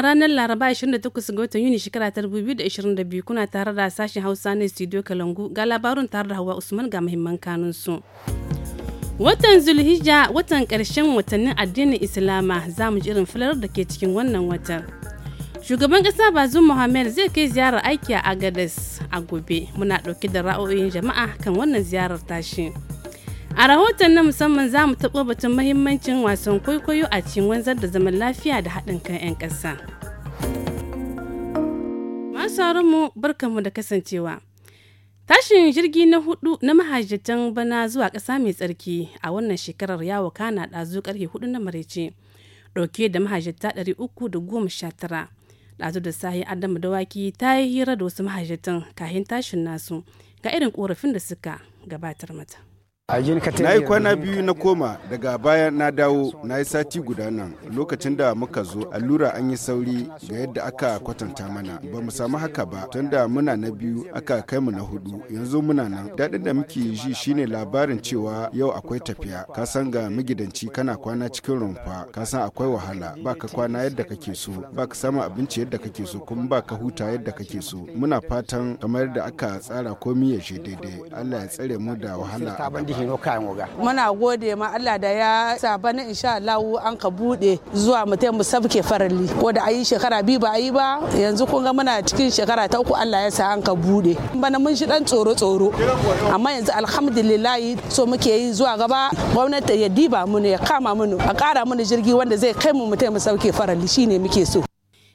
a ranar Laraba 28 ga watan Yuni shekara ta 2022 kuna tare da sashen Hausa na Studio Kalangu ga labarun tare da Hawa Usman ga muhimman kanun su. Watan Zulhijja watan karshen watannin addinin Islama za mu ji irin filar da ke cikin wannan watan. Shugaban kasa Bazum muhammed zai kai ziyarar aiki a Agadez a gobe. Muna ɗauke da ra'o'in jama'a kan wannan ziyarar tashi. A rahoton na musamman za mu taɓo batun mahimmancin wasan kwaikwayo a cikin wanzar da zaman lafiya da haɗin kan 'yan ƙasa. Masu mu barkanmu da kasancewa. Tashin jirgi na hudu na mahajjatan bana zuwa ƙasa mai tsarki a wannan shekarar yawo kana ɗazu ƙarfe hudu na maraice ɗauke da mahajjata ɗari uku da goma sha tara. Ɗazu da sahi Adamu Dawaki ta yi hira da wasu mahajjatan kahin tashin nasu ga irin ƙorafin da suka gabatar mata. na yi kwana biyu na koma daga baya na dawo na yi sati guda nan lokacin da muka zo allura an yi sauri ga yadda aka kwatanta mana ba mu samu haka ba tunda muna na biyu aka kai mu na hudu yanzu muna nan daɗin da muke ji shine labarin cewa yau akwai tafiya ka san ga magidanci kana kwana cikin rumfa ka san akwai wahala ba ka kwana yadda kake so ba ka samu abinci yadda kake so kuma ba ka huta yadda kake so muna fatan kamar da aka tsara komi ya je daidai Allah ya tsare mu da wahala kayan muna gode ma Allah da ya sa bana insha Allah an ka bude zuwa mu mu sabke faralli wanda ayi shekara bi ba ayi ba yanzu kun ga muna cikin shekara ta uku Allah ya sa an ka bude bana mun shi dan tsoro tsoro amma yanzu alhamdulillah so muke yi zuwa gaba gwamnati ya diba mu ya kama mu a kara mu jirgi wanda zai kai mu mu mu sabke faralli shine muke so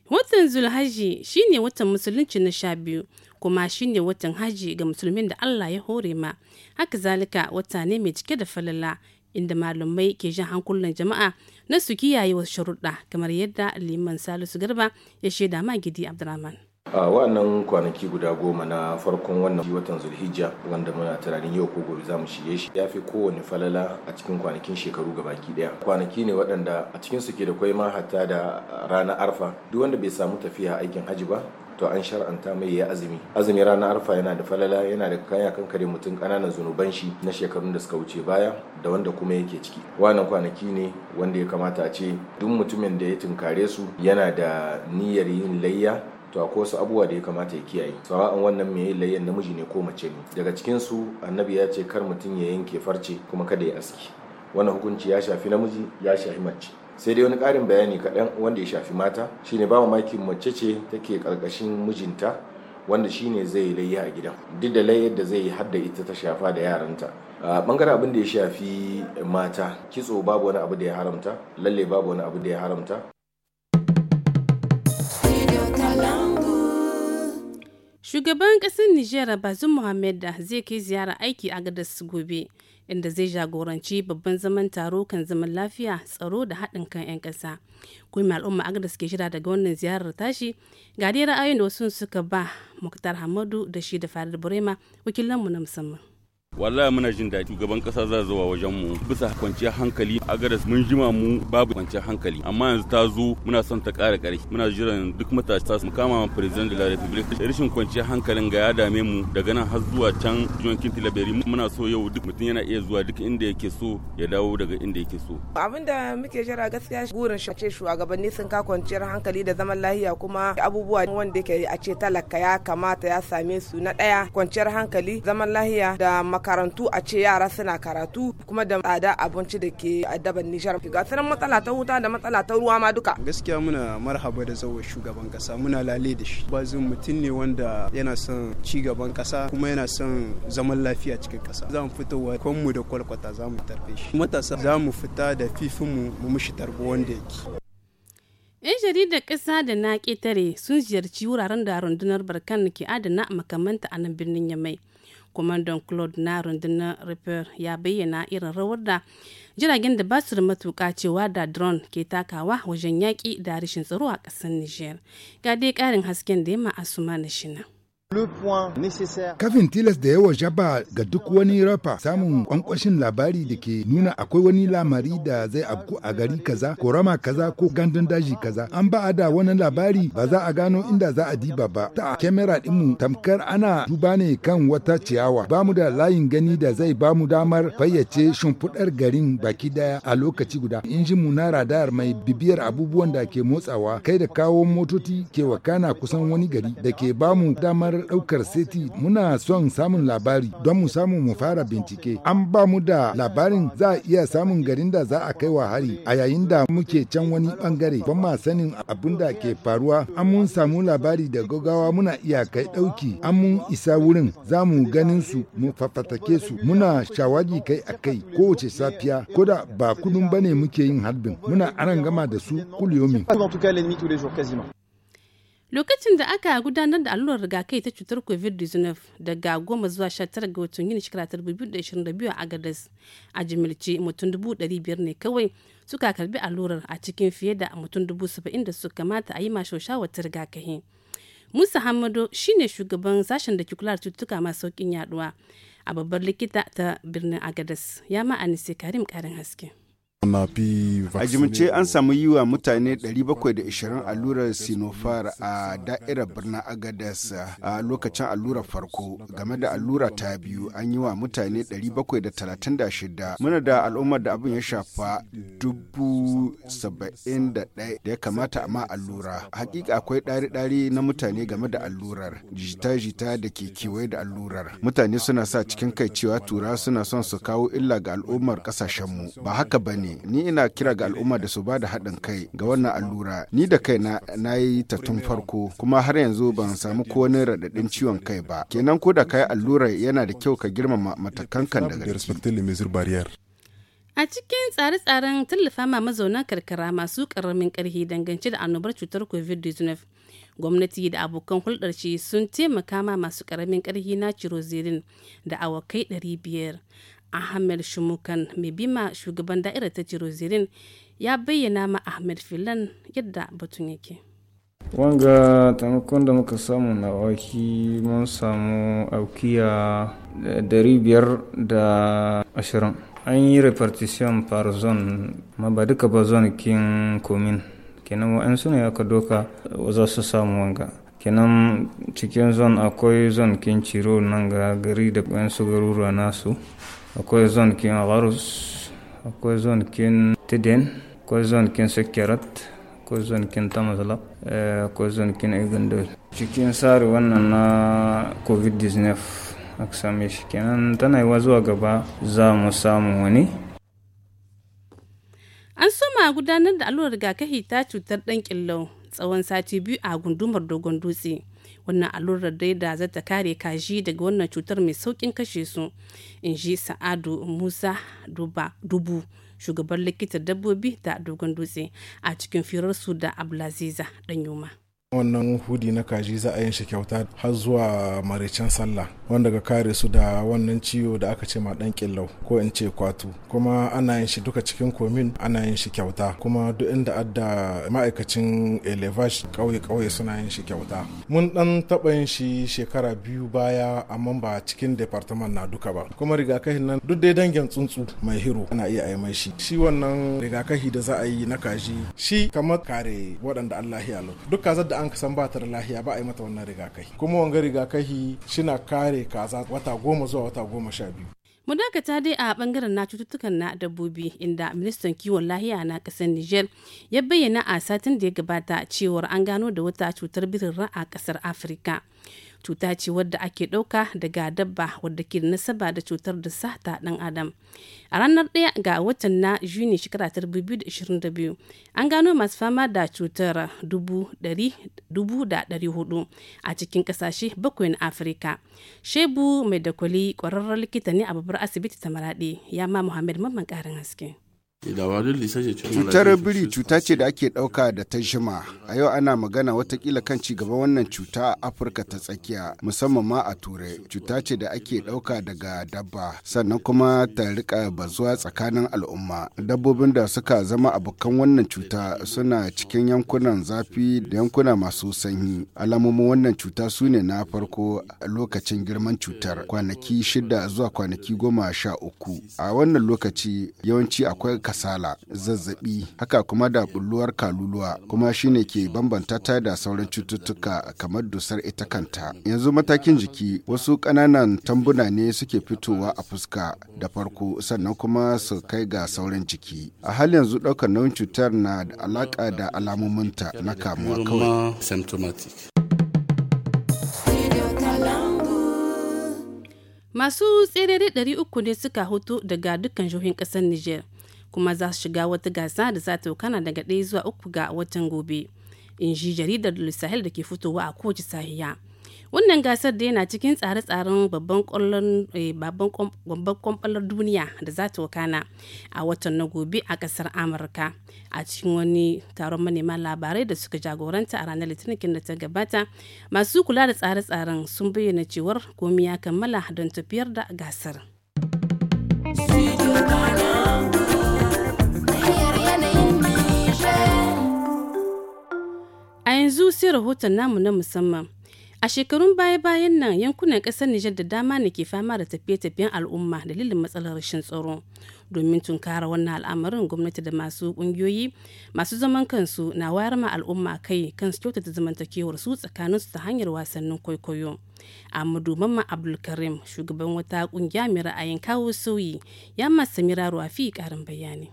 watan zulhaji shine watan musulunci na sha biyu kuma shine watan haji ga musulmin da Allah ya hore ma haka zalika wata ne mai cike da falala inda malamai ke jan hankulan jama'a na su kiyaye wasu sharuɗa kamar yadda liman salisu garba ya shaida ma gidi abdurrahman a wannan kwanaki guda goma na farkon wannan watan zulhijja wanda muna tunanin yau ko gobe za mu shige shi ya fi kowane falala a cikin kwanakin shekaru ga baki daya kwanaki ne waɗanda a cikin su ke da kwai ma hatta da ranar arfa duk wanda bai samu tafiya aikin hajji ba to an shar'anta mai ya azumi azumi ranar arfa yana da falala yana da kaya kare mutum ƙananan zunuban shi na shekarun da suka wuce baya da wanda kuma yake ciki wannan kwanaki ne wanda ya kamata a ce duk mutumin da ya tunkare su yana da niyyar yin layya to akwai wasu abubuwa da ya kamata ya kiyaye sawa'an wannan mai layyan namiji ne ko mace ne daga cikin su annabi ya ce kar mutum ya yanke farce kuma kada ya aski wannan hukunci ya shafi namiji ya shafi mace sai dai wani ƙarin bayani kaɗan wanda ya shafi mata shine ba mamakin mace ce take ƙarƙashin mijinta wanda shine zai layya a gidan duk da layyar da zai hadda ita ta shafa da yaranta a bangaren abin da ya shafi mata kitso babu wani abu da ya haramta lalle babu wani abu da ya haramta Shugaban ƙasar Nijar bazum Mohamed da zai kai ziyara aiki a gadas gobe inda zai jagoranci babban zaman taro kan zaman lafiya, tsaro da haɗin kan 'yan ƙasa. Kuma al'umma gadar ke shira daga wannan ziyarar tashi ga dai ra'ayoyin da wasu suka ba Muktar Hamadu da shi da Farid Burema wakilanmu na musamman. wallahi muna jin daɗi shugaban ƙasa za zuwa wajen mu bisa kwanciyar hankali a gadas mun jima mu babu kwanciyar hankali amma yanzu ta zo muna son ta ƙara ƙarfi muna jiran duk matasa su kama ma president de la republique rashin kwanciyar hankalin ga ya dame mu daga nan har zuwa can juwan kinti labari muna so yau duk mutum yana iya zuwa duk inda yake so ya dawo daga inda yake so abin da muke jira gaskiya gurin shi ce shugabanni sun ka kwanciyar hankali da zaman lahiya kuma abubuwa wanda ke a ce talaka ya kamata ya same su na ɗaya kwanciyar hankali zaman lahiya da makarantu a ce yara suna karatu kuma da tsada abinci da ke addaban Nijar. Ga sanan matsala ta wuta da matsala ta ruwa ma duka. Gaskiya muna marhaba da zawar shugaban kasa muna lale da shi. Bazin mutum ne wanda yana son ci gaban kasa kuma yana son zaman lafiya cikin kasa. Za mu fitowa kwanmu da kwalkwata za mu tarfe shi. Matasa za mu fita da fifinmu mu mushi tarbo wanda yake. 'yan jaridar ƙasa da na ƙetare sun ziyarci wuraren da rundunar barkan ke adana makamanta a nan birnin yamai kwamandan claude na rundunar repair ya bayyana irin rawar da jiragen da ba su da matuƙa cewa da drone ke takawa wajen yaƙi da rashin tsaro a ƙasar niger ga dai ƙarin hasken da ya ma asuma na shina Kafin tilas da yawa jaba ga duk wani rafa samun kwankwashin labari da ke nuna akwai wani lamari da zai abku a gari kaza, korama kaza ko gandun daji kaza. An ba da wani labari ba za a gano inda za a diba ba. Ta kyamara mu. tamkar ana duba ne kan wata ciyawa. Ba mu da layin gani da zai ba mu damar fayyace shimfiɗar garin baki daya a lokaci guda. Injin mu na radar mai bibiyar abubuwan da ke motsawa kai da kawo motoci ke wakana kusan wani gari da ke ba mu damar ɗaukar seti muna son samun labari don mu samu mu fara bincike. An ba mu da labarin za a iya samun garin da za a kai wa hari a yayin da muke can wani bangare ban ma sanin abin da ke faruwa an mun samu labari da gaggawa muna iya kai ɗauki an mun isa wurin za mu ganin su mu fafatake su muna shawagi kai a kai kowace safiya ko da ba kudin bane muke yin harbin muna aran gama da su kuliyomi. lokacin da aka gudanar da allurar rigakai ta cutar covid-19 daga goma zuwa 19 ga watan yini shekara 2022 a agadas a jimilce mutum 500 ne kawai suka karbi allurar a cikin fiye da mutum 70,000 da suka kamata a yi mashoshawatar rigakahi musa hamado shine shugaban sashen da ke kula da cututtuka masu saukin yaduwa a babbar likita ta birnin agadas ya ma'anise karim karin haske A jimce an samu yi wa mutane 720 allurar Sinopharm a da'irar birnin Agadas a lokacin allurar farko game da allura ta biyu an yi wa mutane 736 muna da al'ummar da abin ya shafa 71 da ya kamata a ma allura. Hakika akwai ɗari-ɗari na mutane game da allurar jita-jita da ke kewaye da allurar. Mutane suna sa cikin kai cewa tura suna son su kawo illa ga al'ummar ƙasashenmu ba haka ba ne ni ina kira ga al'umma da su ba da haɗin kai ga wannan allura ni da kaina na yi ta tun farko kuma har yanzu ban samu ko wani raɗaɗin ciwon kai ba kenan ko da ka yi allurar yana da kyau ka girmama matakan kan daga A cikin tsare-tsaren tallafa ma mazauna karkara masu ƙaramin ƙarfi dangance da annobar cutar COVID-19, gwamnati da abokan hulɗar shi sun taimaka ma masu ƙaramin ƙarfi na cirozirin da awakai 500. ahmed shumukan mai bima shugaban da'irar ta jirozirin ya bayyana ma ahmed filan yadda batun yake wanga taimakon da muka samu na waki mun samu aukiya dari biyar da ashirin an yi repartition par zone ma ba duka ba zone kin komin kenan wa'ansu ne aka doka za su samu wanga kenan cikin zon akwai zon kin ciro nan ga gari da su garuruwa nasu akwai zon kin gharus akwai zon kin tiden akwai zon kin sakirat akwai zon kin tamazala eh, akwai zon kin igandol cikin tsari wannan na covid-19 aka same shi kenan tana yi zuwa gaba za mu samu wani an soma gudanar da allurar rigakafi ta cutar dan ƙillau tsawon sati biyu a gundumar dogon dutse wannan allurar dai da zata kare kaji daga wannan cutar mai saukin kashe su in ji sa'adu musa dubu shugaban likitan dabbobi da dogon dutse a cikin firarsu da ɗan danyuma wannan hudi na kaji za a yin shi kyauta har zuwa maraicen sallah wanda ga kare su da wannan ciwo da aka ce ma dan killau ko in ce kwatu kuma ana yin shi duka cikin komin ana yin shi kyauta kuma duk inda adda ma'aikacin elevage kauye kauye suna yin shi kyauta mun dan taba yin shi shekara biyu baya amma ba cikin departament na duka ba kuma rigakafin nan duk dai dangin tsuntsu mai hiro ana iya yi mai shi shi wannan rigakafi da za a yi na kaji shi kamar kare waɗanda Allah ya duka zai da an san ba ta da lahiya ba a yi mata wannan rigakafi kuma wanga rigakafi shina kare kaza wata goma zuwa wata goma sha biyu mu dakata dai a bangaren na cututtukan na dabbobi inda ministan kiwon lahiya na kasar niger ya bayyana a satin da ya gabata cewar an gano da wata cutar birin a kasar afirka cuta ce wadda ake ɗauka daga dabba wadda ke da nasaba da cutar da sa ta ɗan adam a ranar ɗaya ga watan na juni shekara ta 2022 an gano masu fama da cutar hudu a cikin ƙasashe bakwai na afirka shebu mai dakwali kwararren ƙwararren likita ne a babbar asibiti ta maraɗi ya ma muhammad mamman ƙarin haske Cutar biri cuta ce da ake ɗauka da ta jima. A yau ana magana watakila kan gaba wannan cuta a Afirka ta tsakiya musamman ma a Turai. Cuta ce da ake ɗauka daga dabba sannan kuma ta rika bazuwa tsakanin al'umma. Dabbobin da suka zama abokan wannan cuta suna cikin yankunan zafi da yankuna masu sanyi. Alamomin wannan cuta su ne na farko lokacin girman cutar kwanaki shida zuwa kwanaki goma sha uku. A wannan lokaci yawanci akwai kasala zazzabi haka kuma da bulluwar kaluluwa kuma shine ke bambanta ta da sauran cututtuka kamar dusar ita kanta yanzu matakin jiki wasu ƙananan tambuna ne suke fitowa a fuska da farko sannan kuma su kai ga sauran jiki a hal yanzu ɗaukar nauyin cutar na da alaƙa da alamominta na kamuwa kawai masu tsere 300 ne suka hutu daga dukkan jihohin kasar Nijar. kuma za su shiga wata gasa da za ta kana daga ɗaya zuwa uku ga watan gobe in ji jaridar sahel da ke fitowa a kowace sahiya wannan gasar da yana cikin tsare-tsaren babban kwamfalar eh, duniya da za ta wakana a watan na gobe a kasar amurka a cikin wani taron manema labarai da suka jagoranta a ranar litinin da ta gabata masu kula da tsare-tsaren sun bayyana cewar komi ya kammala don tafiyar da gasar. yanzu sai rahoton namu na musamman a shekarun baya-bayan nan yankunan ƙasar nijar da dama ne ke fama da tafiye-tafiyen al'umma dalilin matsalar rashin tsaro domin tunkara wannan al'amarin gwamnati da masu ƙungiyoyi masu zaman kansu na wayar ma al'umma kai kan su kyautata zamantakewar su tsakanin su ta hanyar wasannin kwaikwayo amadu mamma abdulkarim shugaban wata kungiya mai ra'ayin kawo sauyi ya masa mira rafi karin bayani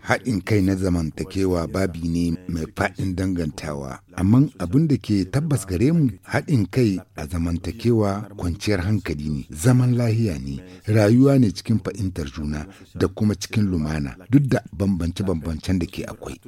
Haɗin kai na zamantakewa babi ne mai faɗin dangantawa, amma abin da ke tabbas gare mu haɗin kai a zamantakewa kwanciyar hankali ne, zaman lahiya ne, rayuwa ne cikin fahimtar juna da kuma cikin lumana duk da bambance-bambancen da ke akwai.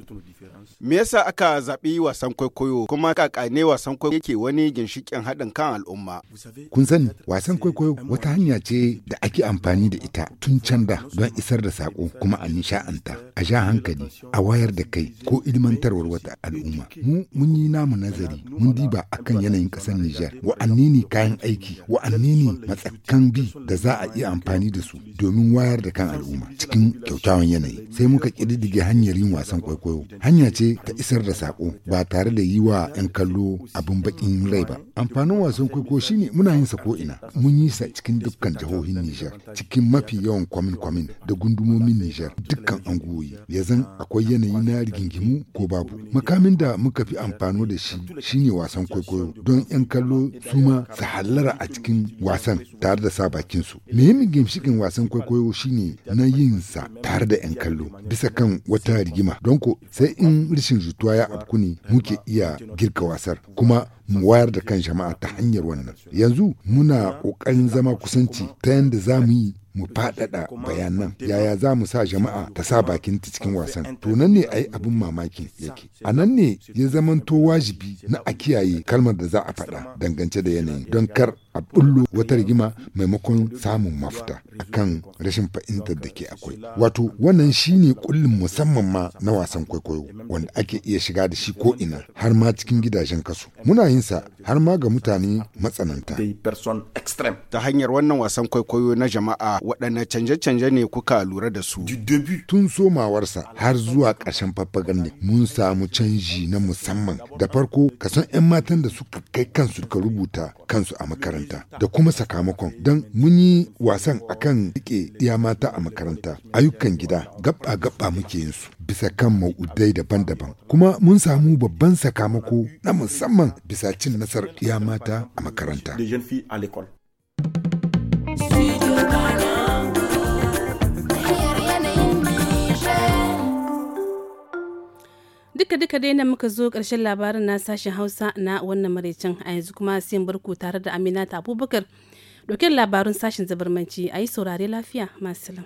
Me yasa aka zaɓi wasan kwaikwayo kuma kakane wasan kwaikwayo yake wani ginshiƙin haɗin kan al'umma? Kun sani wasan kwaikwayo wata hanya ce da ake amfani da ita tun can da don isar da saƙo kuma a nisha'anta a ja hankali a wayar da kai ko ilmantarwar wata al'umma mu mun yi namu nazari mun diba akan yanayin ƙasar Nijar wa'anni ne kayan aiki wa'anni ne matsakan bi da za a iya amfani da su domin wayar da kan al'umma cikin kyaukyawan yanayi sai muka kididdige hanyar yin wasan kwaikwayo hanya ce ta isar da sako ba tare da yi wa 'yan kallo abin bakin rai ba amfanin wasan kwaikwayo shine muna yin sa ko ina mun yi sa cikin dukkan jihohin Nijar cikin mafi yawan kwamin kwamin da gundumomin Nijar dukkan anguwoyi ya zan akwai yanayi na rigingimu ko babu makamin da muka fi amfano da shi shine wasan kwaikwayo don 'yan kallo su ma su hallara a cikin wasan tare da sa bakinsu muhimmin gimshikin wasan kwaikwayo shine na yin sa tare da 'yan kallo bisa kan wata rigima don ko sai in rashin jituwa ya afku ne muke iya girka wasar kuma mu wayar da kan jama'a ta hanyar wannan yanzu muna ƙoƙarin zama kusanci ta yadda za mu yi mu faɗaɗa bayanan yaya za mu sa jama'a ta sa bakin ta cikin wasan to nan ne ayi abin mamaki yake a nan ne ya zamanto wajibi na a kiyaye kalmar da za a faɗa dangance da yanayin don kar a bullo wata rigima maimakon samun mafita kan rashin fahimtar da ke akwai wato wannan shine kullum musamman ma na wasan kwaikwayo wanda ake iya shiga da shi ko ina har ma cikin gidajen kasu muna yin sa har ma ga mutane matsananta ta hanyar wannan wasan kwaikwayo na jama'a waɗanne canje-canje ne kuka lura da su tun somawarsa har zuwa ƙarshen faffagan ne mun samu canji na musamman da farko kasan 'yan matan da suka kai kansu ka rubuta kansu a makaranta makaranta da kuma sakamakon don mun yi wasan akan rike iya mata a makaranta ayyukan gida gaba-gaba muke yin su bisa kan ma'udai daban-daban kuma mun samu babban sakamako na musamman bisa cin nasarar iya mata a makaranta duka duka dai na muka zo ƙarshen labarin na sashen hausa na wannan maraicin a yanzu kuma sai barko tare da aminata abubakar dokin labarun sashen zabarmanci a yi saurare lafiya masu salam